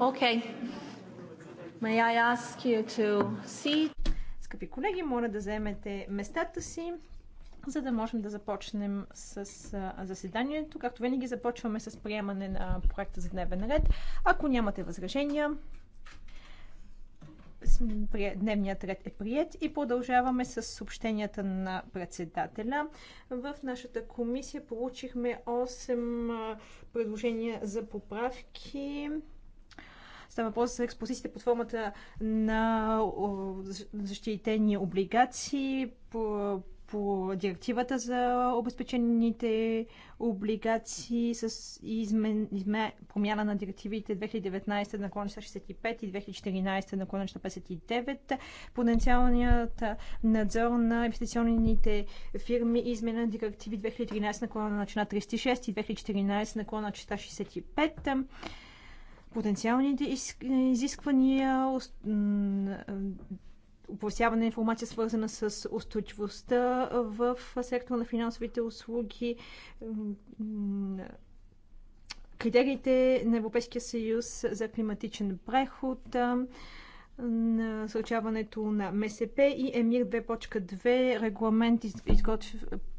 Okay. May I ask you to see? Скъпи колеги, моля да заемете местата си, за да можем да започнем с заседанието. Както винаги започваме с приемане на проекта за дневен ред. Ако нямате възражения, дневният ред е прият и продължаваме с съобщенията на председателя. В нашата комисия получихме 8 предложения за поправки. Става въпрос за експозициите под формата на защитени облигации, по, по директивата за обезпечените облигации с измен, измен, промяна на директивите 2019 на 65 и 2014 на 59, потенциалният надзор на инвестиционните фирми и измена на директиви 2013 на на 36 и 2014 на на 65 потенциалните изисквания, оповестяване на информация, свързана с устойчивостта в сектора на финансовите услуги, критериите на Европейския съюз за климатичен преход, на насърчаването на МСП и Емир 2.2 регламент изготвя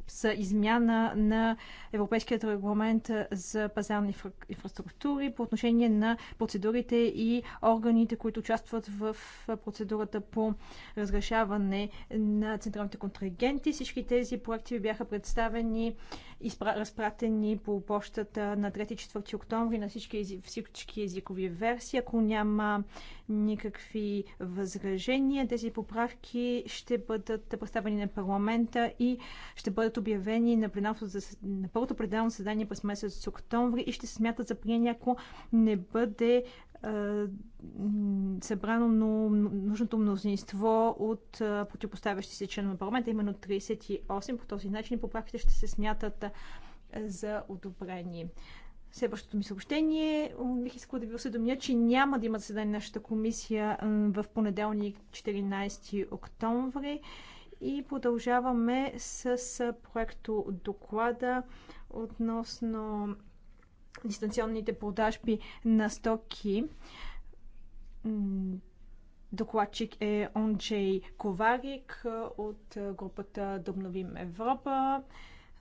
за измяна на Европейският регламент за пазарни инфраструктури по отношение на процедурите и органите, които участват в процедурата по разрешаване на централните контрагенти. Всички тези проекти бяха представени изпра... разпратени по почтата на 3-4 октомври на всички, ези... всички езикови версии. Ако няма никакви възражения, тези поправки ще бъдат представени на парламента и ще бъдат обявени на, на първото пределно съседание през месец октомври и ще се смятат за приени, ако не бъде събрано нужното мнозинство от противопоставящи се членове на парламента, именно 38. По този начин поправките ще се смятат за одобрени. Следващото ми съобщение. Бих искала да ви осведомя, че няма да има заседание на нашата комисия в понеделник 14 октомври. И продължаваме с проекто доклада относно дистанционните продажби на стоки. Докладчик е Ончей Коварик от групата Добновим Европа.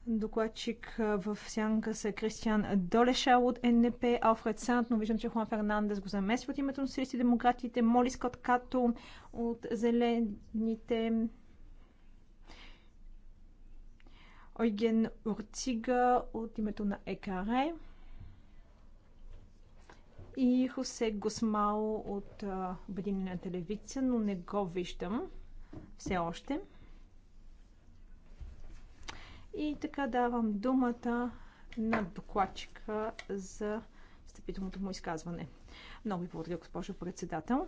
Докладчик в сянка са Кристиан Долеша от НДП, Алфред Сант, но виждам, че Хуан Фернандес го замесва от името на Сирийски демократите, Моли Скот Като от Зелените, Ойген Урцига от името на ЕКАРЕ и Хосе Госмао от Обединената телевизия, но не го виждам все още. И така давам думата на докладчика за встъпителното му изказване. Много ви благодаря, госпожо председател.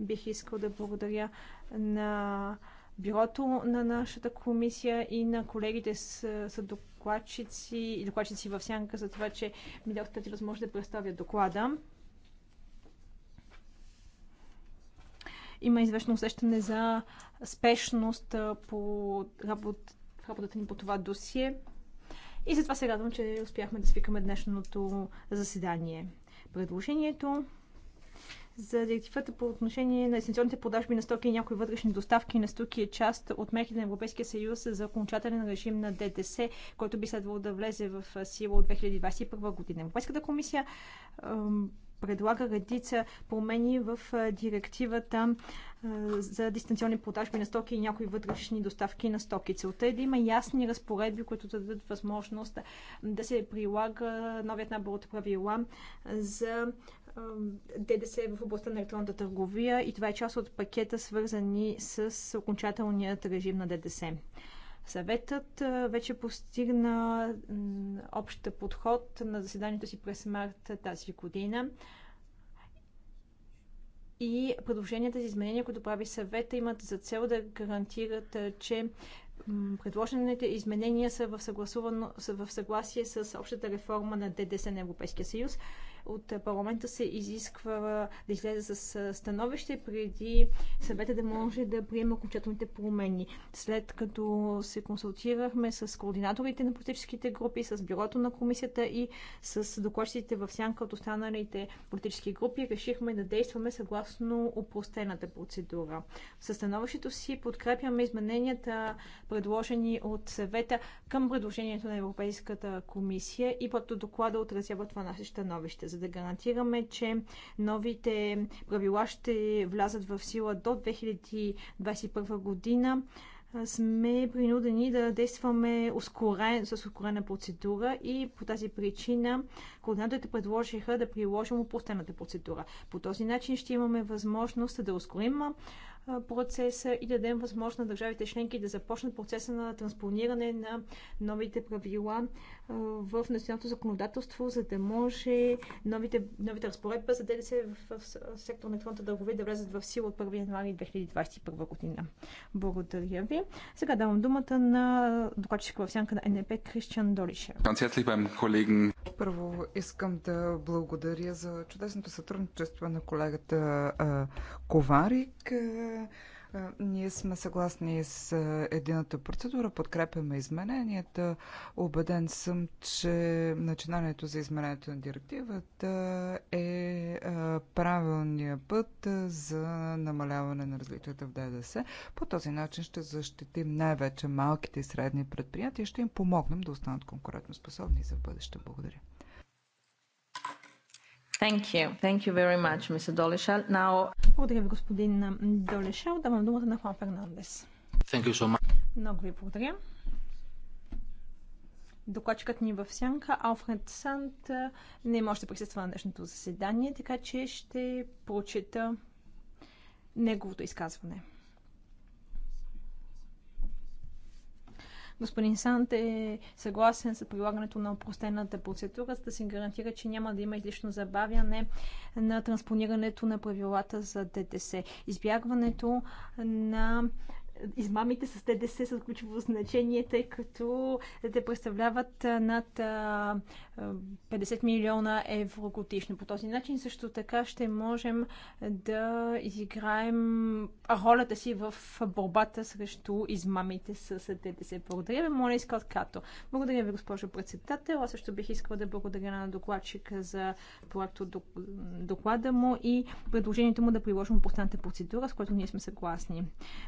Бих искал да благодаря на бюрото на нашата комисия и на колегите с, с докладчици и докладчици в сянка за това, че ми дадохте тази възможност да представя доклада. Има известно усещане за спешност по работ, работата ни по това досие. И затова се радвам, че успяхме да свикаме днешното заседание. Предложението за директивата по отношение на есенционните продажби на стоки и някои вътрешни доставки на стоки е част от мерките на Европейския съюз за окончателен режим на ДДС, който би следвало да влезе в сила от 2021 година. Европейската комисия предлага редица промени в директивата за дистанционни продажби на стоки и някои вътрешни доставки на стоки. Целта е да има ясни разпоредби, които да дадат възможност да се прилага новият набор от правила за ДДС в областта на електронната търговия и това е част от пакета, свързани с окончателният режим на ДДС. Съветът вече постигна общата подход на заседанието си през март тази година. И предложенията за изменения, които прави съвета, имат за цел да гарантират, че предложените изменения са в, са в съгласие с общата реформа на ДДС на Европейския съюз от парламента се изисква да излезе с становище преди съвета да може да приема окончателните промени. След като се консултирахме с координаторите на политическите групи, с бюрото на комисията и с докладчиците в сянка от останалите политически групи, решихме да действаме съгласно упростената процедура. Със становището си подкрепяме измененията, предложени от съвета към предложението на Европейската комисия и под доклада отразява това наше становище за да гарантираме, че новите правила ще влязат в сила до 2021 година сме принудени да действаме ускорен, с ускорена процедура и по тази причина координаторите предложиха да приложим упростената процедура. По този начин ще имаме възможност да ускорим процеса и да дадем възможност на държавите членки да започнат процеса на транспониране на новите правила в националното законодателство, за да може новите, новите разпоредба за ДДС в, в сектор на електронната дългове да влезат в сила от 1 януари 2021 година. Благодаря ви. Сега давам думата на докладчика в сянка на НП Кристиан Долише. Първо искам да благодаря за чудесното сътрудничество на колегата Коварик ние сме съгласни с едината процедура, подкрепяме измененията. Обеден съм, че начинанието за изменението на директивата е правилният път за намаляване на различията в ДДС. По този начин ще защитим най-вече малките и средни предприятия и ще им помогнем да останат конкурентоспособни за бъдеще. Благодаря. Thank you. Thank you very much, Mr. Now... Благодаря ви, господин Долешал. Давам думата на Хуан Фернандес. Thank you so much. Много ви благодаря. Докладчикът ни в сянка, Алфред Сант, не може да присъства на днешното заседание, така че ще прочета неговото изказване. Господин Сант е съгласен с прилагането на опростената процедура, за да се гарантира, че няма да има излишно забавяне на транспонирането на правилата за ДДС. Избягването на измамите с ТДС са от ключово значение, тъй като те представляват над 50 милиона евро годишно. По този начин също така ще можем да изиграем ролята си в борбата срещу измамите с ТДС. Благодаря ви, моля Скот Като. Благодаря ви, госпожо председател. Аз също бих искала да благодаря на докладчика за проекто доклада му и предложението му да приложим постаната процедура, с което ние сме съгласни.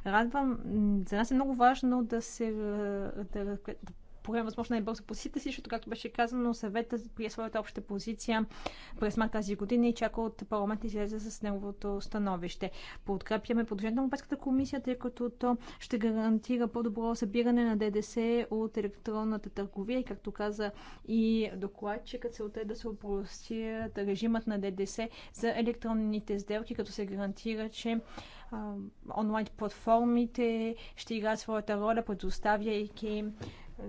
Радвам за нас е много важно да се да, да по време възможно най-бързо позицията си, защото, както беше казано, съвета прие своята обща позиция през март тази година и чака от парламент излезе с неговото становище. Подкрепяме подвижението на Европейската комисия, тъй като то ще гарантира по-добро събиране на ДДС от електронната търговия и, както каза и докладчикът, целта е да се опрости режимът на ДДС за електронните сделки, като се гарантира, че онлайн платформите ще играят своята роля, предоставяйки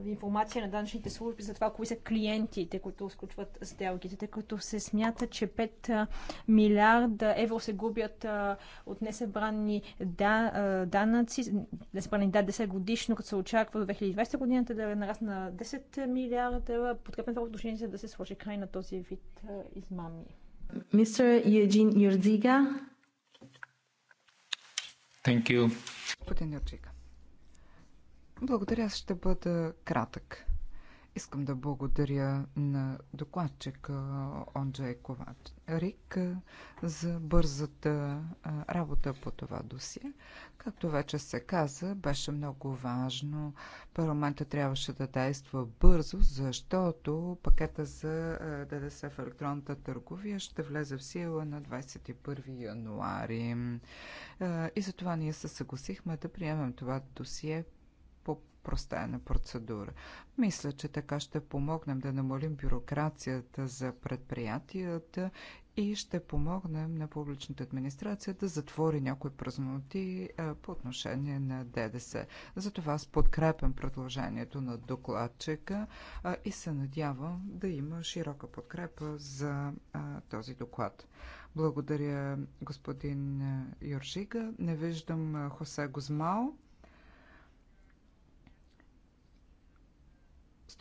информация на данъчните служби за това, кои са клиентите, които сключват сделките, тъй като се смята, че 5 милиарда евро се губят от несъбрани да, данъци, несъбрани да 10 годишно, като се очаква до 2020 годината да нараст на 10 милиарда. Подкрепен това отношение, за да се сложи край на този вид измами. Мистер Юджин Юрдзига. Thank you. Господин Юрдзига. Благодаря, ще бъда кратък. Искам да благодаря на докладчик Онджей Ковач Рик за бързата работа по това досие. Както вече се каза, беше много важно. Парламента трябваше да действа бързо, защото пакета за ДДС в електронната търговия ще влезе в сила на 21 януари. И затова ние се съгласихме да приемем това досие по простена процедура. Мисля, че така ще помогнем да намалим бюрокрацията за предприятията и ще помогнем на публичната администрация да затвори някои празноти по отношение на ДДС. Затова аз подкрепям предложението на докладчика и се надявам да има широка подкрепа за този доклад. Благодаря господин Йоржига. Не виждам Хосе Гузмао.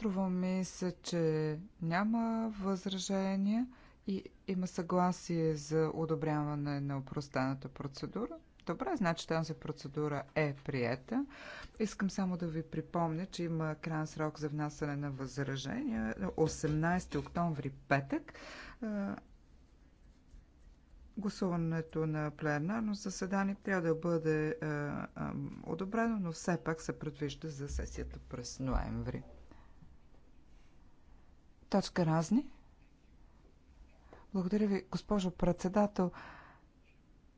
Струва ми се, че няма възражения и има съгласие за одобряване на упростената процедура. Добре, значи тази процедура е приета. Искам само да ви припомня, че има крайен срок за внасяне на възражения 18 октомври, петък. Гласуването на пленарно заседание трябва да бъде одобрено, но все пак се предвижда за сесията през ноември. Точка разни. Благодаря ви, госпожо председател.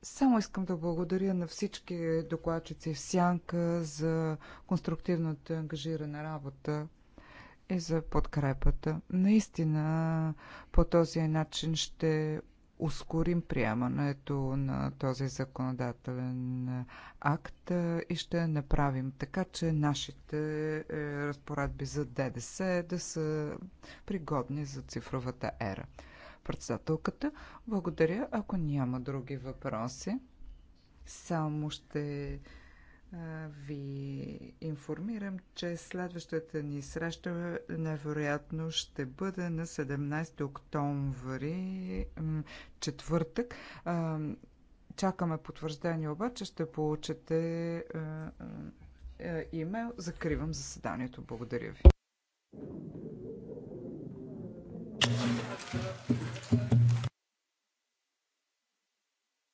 Само искам да благодаря на всички докладчици в Сянка за конструктивната ангажирана работа и за подкрепата. Наистина по този начин ще ускорим приемането на този законодателен акт и ще направим така, че нашите е, разпоредби за ДДС да са пригодни за цифровата ера. Председателката, благодаря. Ако няма други въпроси, само ще ви информирам, че следващата ни среща невероятно ще бъде на 17 октомври, четвъртък. Чакаме потвърждение, обаче ще получите имейл. Закривам заседанието. Благодаря ви.